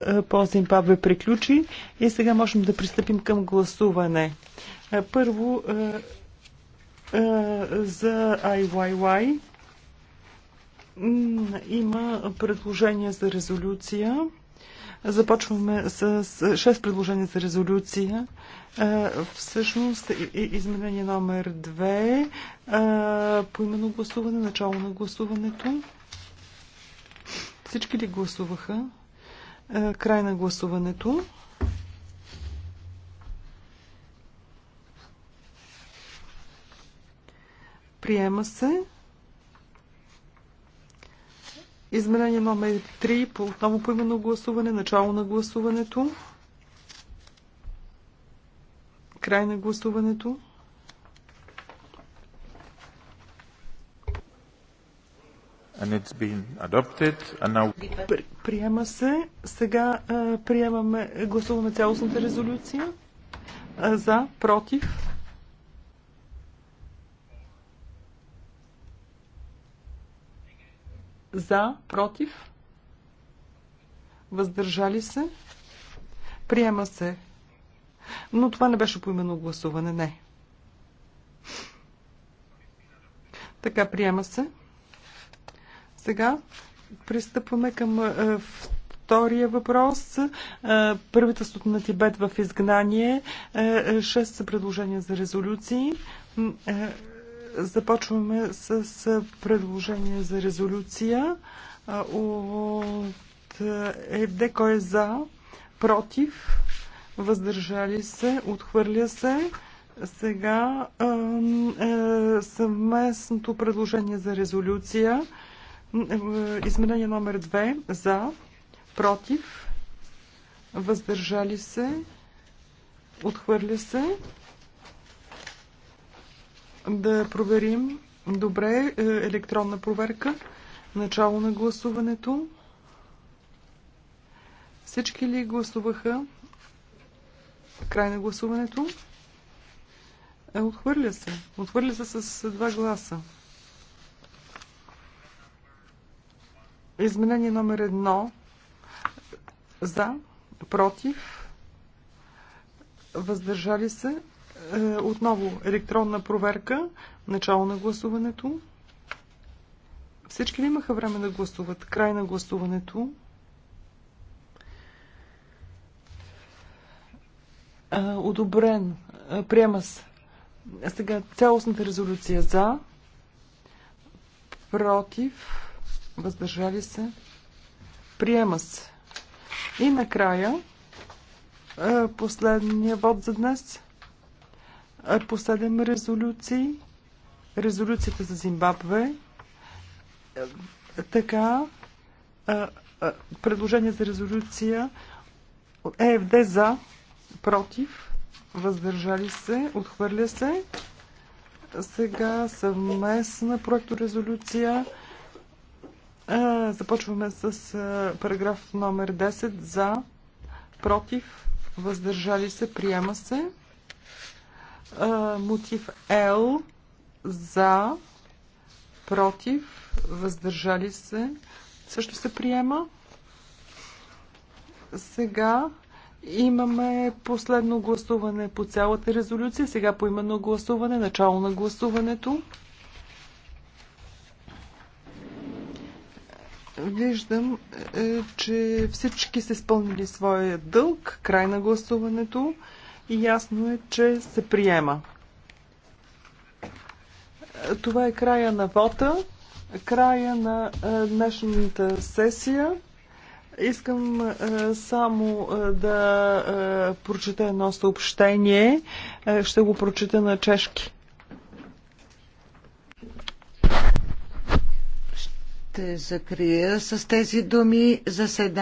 Е, по Зимбабве приключи и сега можем да пристъпим към гласуване. Е, първо е, за IYY има предложение за резолюция. Започваме с 6 предложения за резолюция. Всъщност, изменение номер 2 по именно гласуване, начало на гласуването. Всички ли гласуваха? Е, край на гласуването. Приема се. Измерение номер 3 по отново по именно гласуване, начало на гласуването, край на гласуването. Now... Приема се. Сега приемаме, гласуваме цялостната резолюция. За, против. За, против. Въздържали се. Приема се. Но това не беше поименно гласуване, не. Така, приема се. Сега пристъпваме към е, втория въпрос. Е, правителството на Тибет в изгнание. Е, шест са предложения за резолюции. Започваме с предложение за резолюция от ЕД. Кой е за? Против? Въздържали се? Отхвърля се? Сега съвместното предложение за резолюция Изменение номер 2 за, против, въздържали се, отхвърля се. Да проверим. Добре, е, електронна проверка. Начало на гласуването. Всички ли гласуваха? Край на гласуването. Е, отхвърля се. Отхвърля се с два гласа. Изменение номер едно за, против, въздържали се. Е, отново електронна проверка, начало на гласуването. Всички ли имаха време да гласуват? Край на гласуването. Е, одобрен. Е, приема се. Сега цялостната резолюция за, против, въздържали се, приема се. И накрая, е, последния вод за днес, е, по 7 резолюции, резолюцията за Зимбабве, е, така, предложение за резолюция ЕФД за, против, въздържали се, отхвърля се. Сега съвместна проекторезолюция резолюция Започваме с параграф номер 10 за, против, въздържали се, приема се. Мотив Л за, против, въздържали се, също се приема. Сега имаме последно гласуване по цялата резолюция. Сега по именно гласуване, начало на гласуването. Виждам, е, че всички са изпълнили своя дълг, край на гласуването и ясно е, че се приема. Това е края на вота, края на е, днешната сесия. Искам е, само да прочета едно съобщение. Ще го прочета на чешки. Ще закрия с тези думи заседание.